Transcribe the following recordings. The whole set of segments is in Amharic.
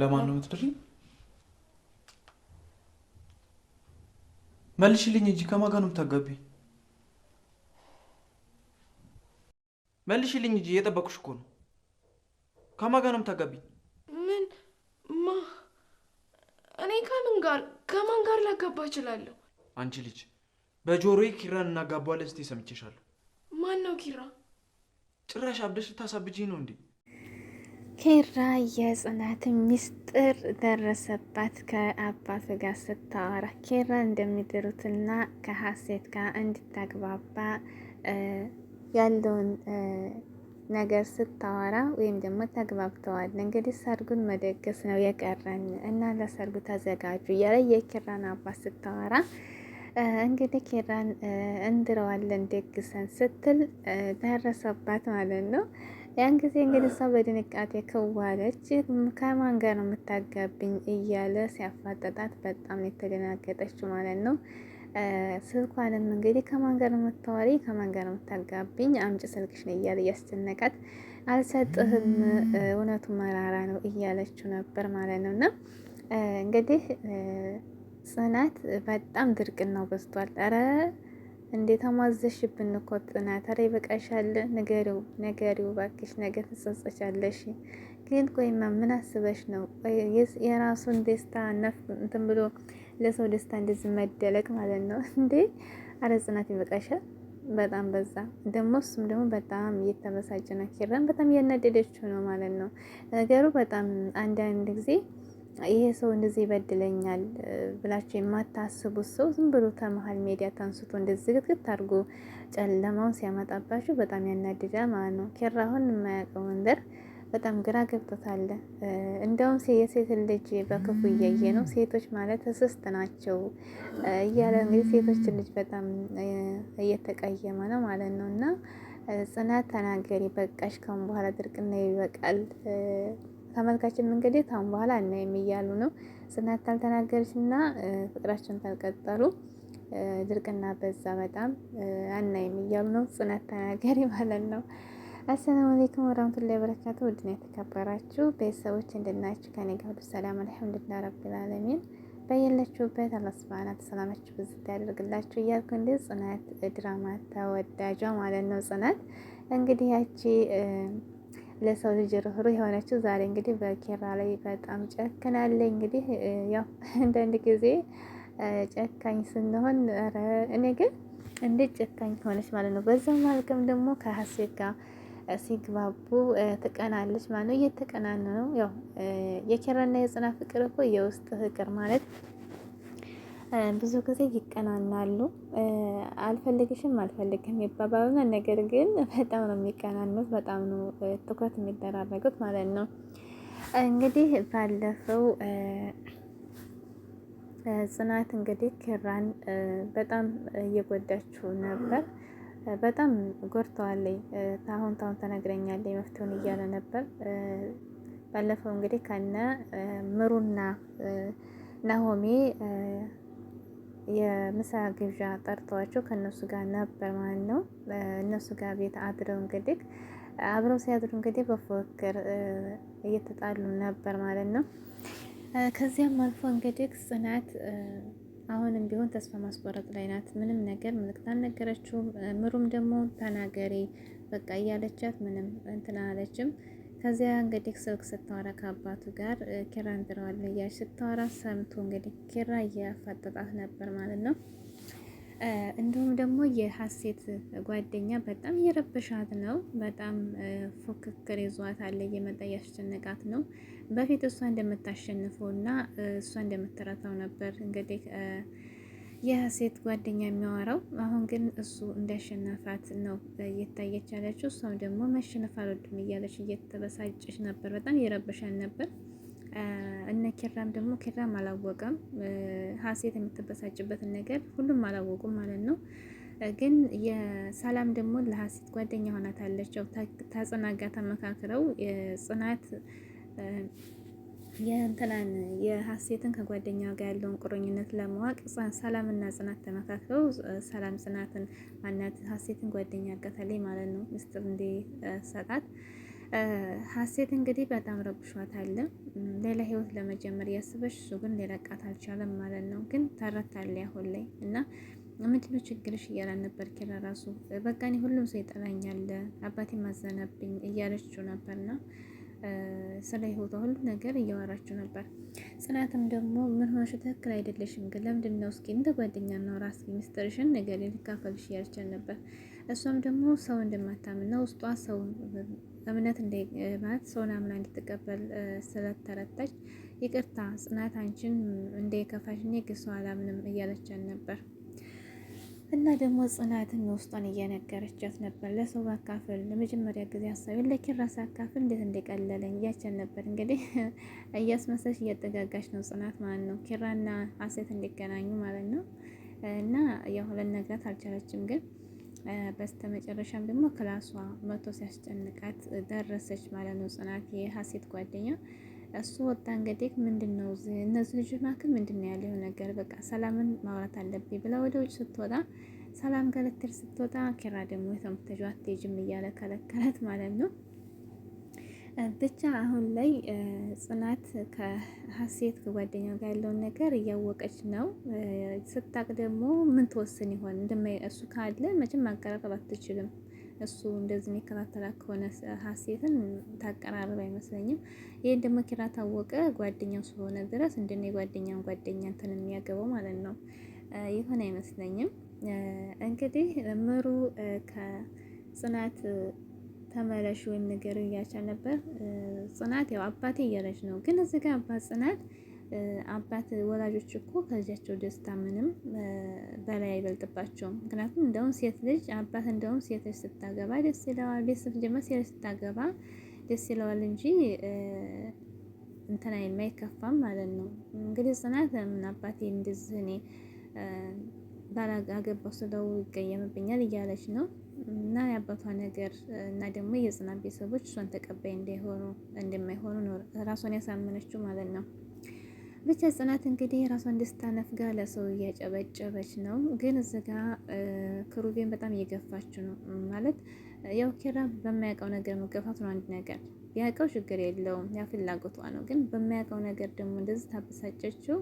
ለማን ነው የምትድሪ? መልሽልኝ እንጂ ከማን ጋር ነው የምታጋቢ? መልሽልኝ እንጂ የጠበቁሽ እኮ ነው። ከማን ጋር ነው የምታጋቢ? ምን ማ እኔ ከምን ጋር ከማን ጋር ላጋባ እችላለሁ? አንቺ ልጅ በጆሮዬ ኪራን እናጋባዋለን ስትይ ሰምቼሻለሁ። ማን ነው ኪራ? ጭራሽ አብደሽ ልታሳብጂኝ ነው እንዴ? ኬራ የጽናት ሚስጥር ደረሰባት። ከአባት ጋር ስታወራ ኪራ እንደሚድሩትና ከሀሴት ጋር እንድታግባባ ያለውን ነገር ስታወራ ወይም ደግሞ ተግባብተዋል። እንግዲህ ሰርጉን መደገስ ነው የቀረን እና ለሰርጉ ተዘጋጁ እያለ የኪራን አባት ስታወራ እንግዲህ ኪራን እንድረዋለን ደግሰን ስትል ደረሰባት ማለት ነው። ያን ጊዜ እንግዲህ እሷ በድንቃጤ ክዋለች። ከማን ጋር ነው የምታጋብኝ እያለ ሲያፋጠጣት በጣም የተደናገጠችው ማለት ነው። ስልኳንም እንግዲህ ከማን ጋር ነው የምታወሪ፣ ከማን ጋር ነው የምታጋብኝ፣ አምጭ ስልክሽ ነው እያለ እያስጨነቃት፣ አልሰጥህም፣ እውነቱ መራራ ነው እያለችው ነበር ማለት ነው እና እንግዲህ ጽናት በጣም ነው በዝቷል። ኧረ እንዴት አማዘሽብን እኮ ጽናት፣ ኧረ ይበቃሻል። ንገሪው ንገሪው እባክሽ፣ ነገ ትጸጸቻለሽ። ግን ቆይማ ምን አስበሽ ነው? የራሱን ደስታ ነፍ እንትን ብሎ ለሰው ደስታ እንደዚህ መደለቅ ማለት ነው እንዴ? ኧረ ጽናት ይበቃሻል። በጣም በዛ ደግሞ እሱም ደግሞ በጣም እየተበሳጨ ነው። ኪራን በጣም እያናደደችው ነው ማለት ነው ነገሩ። በጣም አንዳንድ ጊዜ ይሄ ሰው እንደዚህ ይበድለኛል ብላችሁ የማታስቡት ሰው ዝም ብሎ ተመሀል ሜዲያ ተንስቶ እንደዚህ ግትግት አድርጎ ጨለማውን ሲያመጣባችሁ በጣም ያናድዳ ማለት ነው። ኬራ አሁን የማያውቀው መንበር በጣም ግራ ገብቶታል። እንደውም የሴት ልጅ በክፉ እያየ ነው። ሴቶች ማለት እስስት ናቸው እያለ እንግዲህ ሴቶች ልጅ በጣም እየተቀየመ ነው ማለት ነው። እና ጽናት ተናገሪ፣ በቃሽ፣ ካሁን በኋላ ድርቅና ይበቃል ተመልካችም እንግዲህ ታም በኋላ እናይም እያሉ ነው። ጽናት ታልተናገረች እና ፍቅራቸውን ታልቀጠሉ ድርቅና በዛ በጣም አናይም እያሉ ነው። ጽናት ተናገሪ ማለት ነው። አሰላሙ አለይኩም ወራህመቱላሂ ወበረካቱ። ውድና የተከበራችሁ ቤተሰቦች እንድናችሁ ከኔ ጋር ሁሉ ሰላም አልሐምዱሊላህ ረቢል ዓለሚን። በየለችሁበት አላህ ሱብሃነሁ ተሰላማችሁ ሰላማችሁ ብዙ ያደርግላችሁ እያልኩ እንደ ጽናት ድራማ ተወዳጇ ማለት ነው ጽናት እንግዲህ ያቺ ለሰው ልጅ ርህሩህ የሆነችው ዛሬ እንግዲህ በኪራ ላይ በጣም ጨክናለ እንግዲህ ያው አንዳንድ ጊዜ ጨካኝ ስንሆን፣ እኔ ግን እንዴት ጨካኝ ሆነች ማለት ነው። በዛ ማልቅም ደግሞ ከሀሴት ጋር ሲግባቡ ትቀናለች ማለት ነው። እየተቀናነ ነው። ያው የኪራና የጽናት ፍቅር እኮ የውስጥ ፍቅር ማለት ብዙ ጊዜ ይቀናናሉ። አልፈልግሽም አልፈልግም ይባባሉና ነገር ግን በጣም ነው የሚቀናኑት፣ በጣም ነው ትኩረት የሚደራረጉት ማለት ነው። እንግዲህ ባለፈው ጽናት እንግዲህ ኪራን በጣም እየጎዳችው ነበር። በጣም ጎድተዋለኝ። ታሁን ታሁን ተነግረኛለኝ መፍትሄውን እያለ ነበር። ባለፈው እንግዲህ ከነ ምሩና ናሆሜ የምሳ ግብዣ ጠርተዋቸው ከእነሱ ጋር ነበር ማለት ነው። እነሱ ጋር ቤት አድረው እንግዲህ አብረው ሲያድሩ እንግዲህ በፉክክር እየተጣሉ ነበር ማለት ነው። ከዚያም አልፎ እንግዲህ ጽናት አሁንም ቢሆን ተስፋ ማስቆረጥ ላይ ናት። ምንም ነገር ምልክት አልነገረችውም። ምሩም ደግሞ ተናገሪ በቃ እያለቻት ምንም እንትን አለችም። ከዚያ እንግዲህ ስልክ ስታወራ ከአባቱ ጋር ኪራ እንድረዋለ እያለች ስታወራ ሰምቶ እንግዲህ ኪራ እያፋጠጣት ነበር ማለት ነው። እንዲሁም ደግሞ የሀሴት ጓደኛ በጣም እየረበሻት ነው። በጣም ፉክክር አለ እየመጣ እያስጨነቃት ነው። በፊት እሷ እንደምታሸንፈው እና እሷ እንደምትረታው ነበር እንግዲህ የሀሴት ጓደኛ የሚያወራው። አሁን ግን እሱ እንዳሸነፋት ነው እየታየች ያለችው። እሷም ደግሞ መሸነፍ አልወድም እያለች እየተበሳጨች ነበር። በጣም የረበሻን ነበር። እነ ኪራም ደግሞ ኪራም አላወቀም ሀሴት የምትበሳጭበትን ነገር ሁሉም አላወቁም ማለት ነው። ግን የሰላም ደግሞ ለሀሴት ጓደኛ ሆናታለች። ተጽናጋ ተመካክረው ጽናት የእንትናን የሀሴትን ከጓደኛዋ ጋር ያለውን ቁርኝነት ለማወቅ ሰላምና ጽናት ተመካክረው ሰላም ጽናትን ማናት ሀሴትን ጓደኛ አጋታለች ማለት ነው። ምስጢር እንዲሰጣት ሀሴት እንግዲህ በጣም ረብሿታል። ሌላ ህይወት ለመጀመር ያስበሽ፣ እሱ ግን ሊለቃት አልቻለም ማለት ነው። ግን ተረታለች አሁን ላይ እና ምንድነው ችግርሽ እያላን ነበር ኪራ ራሱ በቃ እኔ ሁሉም ሰው ይጠላኛል፣ አባቴ ማዘነብኝ እያለችው ነው። ስለ ህይወቷ ሁሉ ነገር እያወራችሁ ነበር። ጽናትም ደግሞ ምን ሆነሽ ትክክል አይደለሽም፣ ግን ለምንድን ነው እስኪ እንደ ጓደኛ እናውራ፣ እስኪ ሚስጥርሽን ነገር ልካፈልሽ እያለቻት ነበር። እሷም ደግሞ ሰው ነው ውስጧ ሰው እምነት ማለት ሰውን አምና እንድትቀበል ስለተረታች ይቅርታ ጽናት አንቺን እንደ ከፋሽ እኔ ግን ሰው አላምንም እያለቻት ነበር። እና ደግሞ ጽናትን ውስጧን እየነገረቻት ነበር። ለሰው አካፍል ለመጀመሪያ ጊዜ ሀሳቤን ለኪራ አካፍል እንዴት እንደቀለለኝ እያቸን ነበር። እንግዲህ እያስመሰች እያጠጋጋች ነው ጽናት ማለት ነው። ኪራና ሀሴት እንዲገናኙ ማለት ነው። እና የሁለት ልነግራት አልቻለችም ግን በስተ መጨረሻም ደግሞ ክላሷ መቶ ሲያስጨንቃት ደረሰች ማለት ነው። ጽናት የሀሴት ጓደኛ እሱ ወጣ እንግዲህ ምንድን ነው እነዚህ ልጆች መካከል ምንድን ነው ያለው ነገር በቃ ሰላምን ማውራት አለብኝ ብላ ወደ ውጭ ስትወጣ ሰላም ጋር ስትወጣ ኪራ ደግሞ የተመተጇ አትሄጂም እያለ ከለከላት ማለት ነው። ብቻ አሁን ላይ ጽናት ከሀሴት ከጓደኛው ጋር ያለውን ነገር እያወቀች ነው። ስታቅ ደግሞ ምን ትወስን ይሆን? እሱ ካለ መቼም ማቀራረብ አትችልም። እሱ እንደዚህ የሚከታተላት ከሆነ ሀሴትን ታቀራርብ አይመስለኝም። ይህ ደግሞ ኪራ ታወቀ ጓደኛው ስለሆነ ድረስ እንደኔ ጓደኛውን ጓደኛ እንትን የሚያገባው ማለት ነው ይሆን አይመስለኝም። እንግዲህ ምሩ ከጽናት ተመለሽ ወይም ነገር እያቻ ነበር። ጽናት ያው አባቴ እያለች ነው፣ ግን እዚህ ጋር አባት ጽናት አባት ወላጆች እኮ ከልጃቸው ደስታ ምንም በላይ አይበልጥባቸውም። ምክንያቱም እንደውም ሴት ልጅ አባት እንደውም ሴት ልጅ ስታገባ ደስ ይለዋል። ቤት ስትጀምር ሴት ልጅ ስታገባ ደስ ይለዋል እንጂ እንትና የማይከፋም ማለት ነው። እንግዲህ ጽናት ምን አባቴ እንደዚህ እኔ ባላገባው ስለው ይቀየምብኛል እያለች ነው። እና የአባቷ ነገር እና ደግሞ የጽናት ቤተሰቦች እሷን ተቀባይ እንዳይሆኑ እንደማይሆኑ ራሷን ያሳመነችው ማለት ነው። ብቻ ጽናት እንግዲህ ራሷን ደስታ ነፍጋ ለሰው እያጨበጨበች ነው። ግን እዚጋ ክሩቤን በጣም እየገፋች ነው ማለት ያው ኪራ በማያውቀው ነገር መገፋት ነው አንድ ነገር ቢያውቀው ችግር የለውም ያ ፍላጎቷ ነው። ግን በማያውቀው ነገር ደግሞ እንደዚህ ታበሳጨችው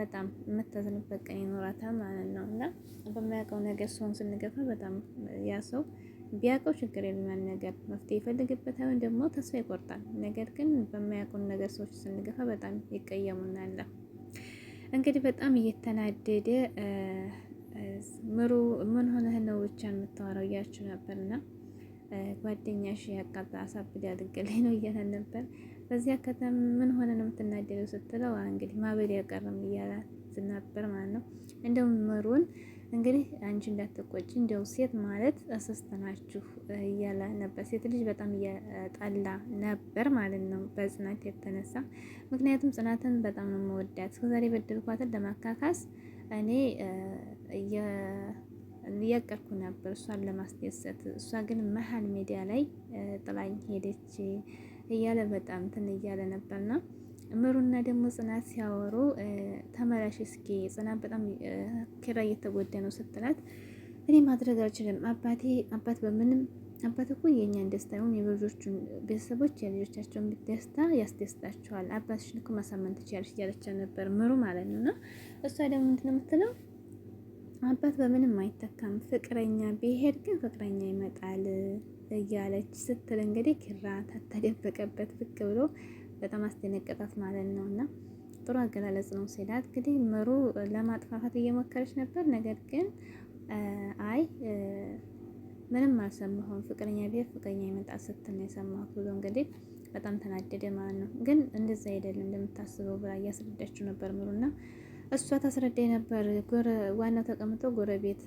በጣም የምታዝንበት ቀን ይኖራታል ማለት ነው። እና በማያውቀው ነገር ሰውን ስንገፋ በጣም ያ ሰው ቢያውቀው ችግር የለም ነገር መፍትሄ ይፈልግበታል፣ ወይም ደግሞ ተስፋ ይቆርጣል። ነገር ግን በማያውቁን ነገር ሰዎች ስንገፋ በጣም ይቀየሙናል። እንግዲህ በጣም እየተናደደ ምሩ ምን ሆነህ ነው ብቻ የምታወራው እያችሁ ነበርና ጓደኛሽ ያቃጣ አሳብድ ያድርግልኝ ነው እያለን ነበር። በዚያ ከተማ ምን ሆነ ነው የምትናደደው ስትለው እንግዲህ ማበድ ያቀርም እያላት ነበር ማለት ነው እንደውም ምሩን እንግዲህ አንቺ እንዳትቆጭ እንደው ሴት ማለት እስስት ናችሁ እያለ ነበር። ሴት ልጅ በጣም እየጠላ ነበር ማለት ነው በጽናት የተነሳ። ምክንያቱም ጽናትን በጣም ነው መወዳት። እስከዛሬ በደልኳትን ለማካካስ እኔ እያቀርኩ ነበር እሷን ለማስደሰት። እሷ ግን መሀል ሜዳ ላይ ጥላኝ ሄደች እያለ በጣም ትን እያለ ነበርና ምሩና ደግሞ ጽናት ሲያወሩ ተመላሽ እስኪ ጽናት በጣም ኪራ እየተጎዳ ነው ስትላት፣ እኔ ማድረግ አልችልም አባቴ አባት በምንም አባት እኮ የእኛን ደስታ ይሁን የበልጆቹን ቤተሰቦች የልጆቻቸውን ደስታ ያስደስታቸዋል። አባትሽን እኮ ማሳመን ትችያለሽ እያለች ነበር ምሩ ማለት ነው። እና እሷ ደግሞ ምንድን ነው የምትለው? አባት በምንም አይተካም፣ ፍቅረኛ ቢሄድ ግን ፍቅረኛ ይመጣል እያለች ስትል እንግዲህ ኪራ ተደበቀበት ብቅ ብሎ በጣም አስደነቀጣት ማለት ነው። እና ጥሩ አገላለጽ ነው ሲላት እንግዲህ ምሩ ለማጥፋፋት እየሞከረች ነበር። ነገር ግን አይ ምንም አልሰማሁም፣ ፍቅረኛ ቢሆን ፍቅረኛ ይመጣ ስትል ነው የሰማሁት ብሎ እንግዲህ በጣም ተናደደ ማለት ነው። ግን እንደዛ አይደለም እንደምታስበው ብላ እያስረዳችው ነበር ምሩ እና እሷ ታስረዳኝ ነበር። ዋናው ተቀምጦ ጎረቤት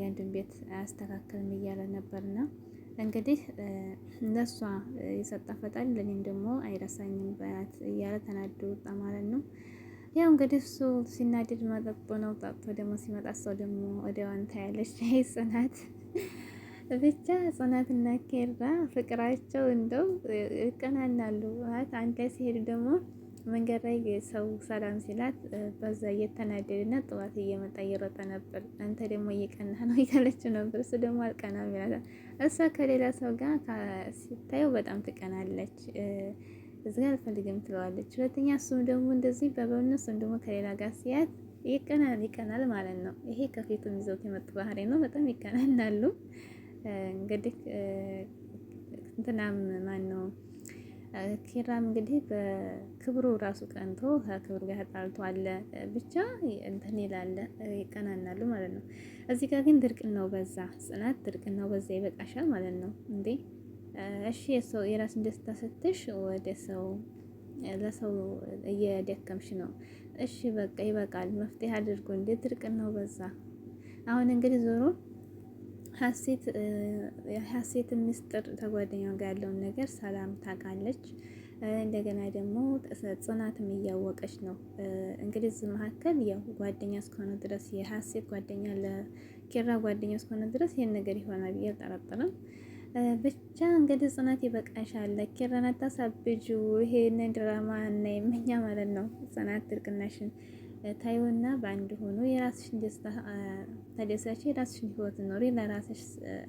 የአንድን ቤት አያስተካክልም እያለ ነበርና እንግዲህ ለእሷ የሰጣ ፈጣሪ ለእኔም ደግሞ አይረሳኝም በያት እያለ ተናዶ ወጣ ማለት ነው። ያው እንግዲህ እሱ ሲናደድ መጠጦ ነው። ጠጥቶ ደግሞ ሲመጣ ሰው ደግሞ ወዲያዋን ታያለች። ይህ ጽናት ብቻ ጽናት እና ኬራ ፍቅራቸው እንደው ይቀናናሉ። አንድ ላይ ሲሄዱ ደግሞ መንገድ ላይ ሰው ሰላም ሲላት በዛ እየተናደደና ጥዋት እየመጣ እየሮጠ ነበር። አንተ ደግሞ እየቀና ነው እያለችው ነበር። እሱ ደግሞ አልቀናም ይላታል። እሷ ከሌላ ሰው ጋር ሲታየው በጣም ትቀናለች። እዚህ ጋር አልፈልግም ትለዋለች። ሁለተኛ እሱም ደግሞ እንደዚህ በበነ እሱም ደግሞ ከሌላ ጋር ሲያት ይቀናል ይቀናል ማለት ነው። ይሄ ከፊቱ ይዘውት የመጡ ባህሪ ነው። በጣም ይቀናናሉ። እንግዲህ እንትናም ማን ነው ኪራም እንግዲህ በክብሩ ራሱ ቀንቶ ከክብሩ ጋር ተጣልቶ አለ ብቻ እንትን ይላለ ይቀናናሉ ማለት ነው። እዚህ ጋር ግን ድርቅናው በዛ፣ ጽናት ድርቅናው በዛ ይበቃሻል ማለት ነው እንዴ። እሺ የሰው የራስን ደስታ ስትሽ ወደ ሰው ለሰው እየደከምሽ ነው። እሺ በቃ ይበቃል፣ መፍትሄ አድርጎ እንዴ ድርቅናው በዛ። አሁን እንግዲህ ዞሮ ሀሴት ምስጢር ተጓደኛው ጋር ያለውን ነገር ሰላም ታውቃለች። እንደገና ደግሞ ጽናትም እያወቀች ነው። እንግዲህ እዚህ መካከል ያው ጓደኛ እስከሆነ ድረስ የሀሴት ጓደኛ ለኪራ ጓደኛ እስከሆነ ድረስ ይህን ነገር ይሆናል ብዬ አልጠረጥርም። ብቻ እንግዲህ ጽናት ይበቃሻል፣ ኪራን አታሳብጁ። ይሄንን ድራማ እና እኛ ማለት ነው ጽናት ድርቅናሽን ታዩና በአንድ ሆኖ የራስሽን ደስታ ተደሳች የራስሽን ህይወት ኖሪ። ለራስሽ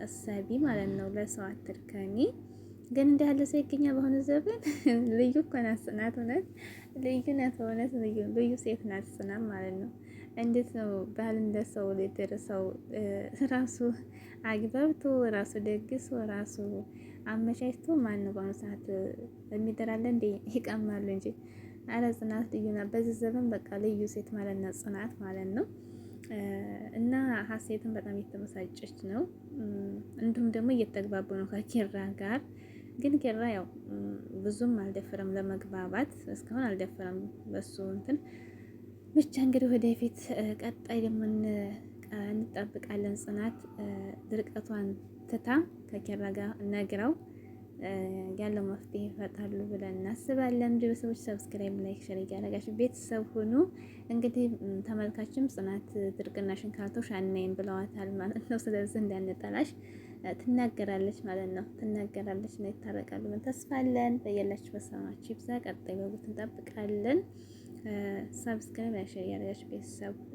አሳቢ ማለት ነው። ለሰው አትርከኒ። ግን እንዳለ ያለ ሰው ይገኛል በአሁኑ ዘመን። ልዩ እኮ ናት ጽናት፣ እውነት ልዩ ናት፣ እውነት ልዩ ልዩ ሴት ናት ጽናት ማለት ነው። እንዴት ነው ባል እንደ ሰው ሊደርሰው ራሱ አግባብቶ ራሱ ደግሶ ራሱ አመቻችቶ ማን ነው በአሁኑ ሰዓት የሚደራለ እንደ ይቀማሉ እንጂ አረ ጽናት ልዩ ናት። በዚህ ዘመን በቃ ልዩ ሴት ማለት ነው ጽናት ማለት ነው። እና ሀሴትን በጣም እየተመሳጨች ነው። እንዲሁም ደግሞ እየተግባቡ ነው ከኪራ ጋር። ግን ኪራ ያው ብዙም አልደፈረም ለመግባባት እስካሁን አልደፈረም በሱ እንትን ብቻ እንግዲህ ወደፊት ቀጣይ ደግሞ እንጠብቃለን። ጽናት ድርቀቷን ትታ ከኪራ ጋር ነግረው ያለው መፍትሄ ይፈጣሉ ብለን እናስባለን። እንዲሁ ሰዎች ሰብስክራይብ፣ ላይክ፣ ሸር እያደረጋችሁ ቤተሰብ ሁኑ። እንግዲህ ተመልካችም ጽናት ድርቅና ሽንካርቶሽ አናይም ብለዋታል ማለት ነው። ስለዚህ እንዳንጠላሽ ትናገራለች ማለት ነው። ትናገራለች ነው ይታረቃሉ። ምን ተስፋለን። በየላችሁ በሰማችሁ ይብዛ። ቀጣይ በጉት እንጠብቃለን። ሰብስክራይብ፣ ላይክ፣ ሸር እያደረጋችሁ ቤተሰብ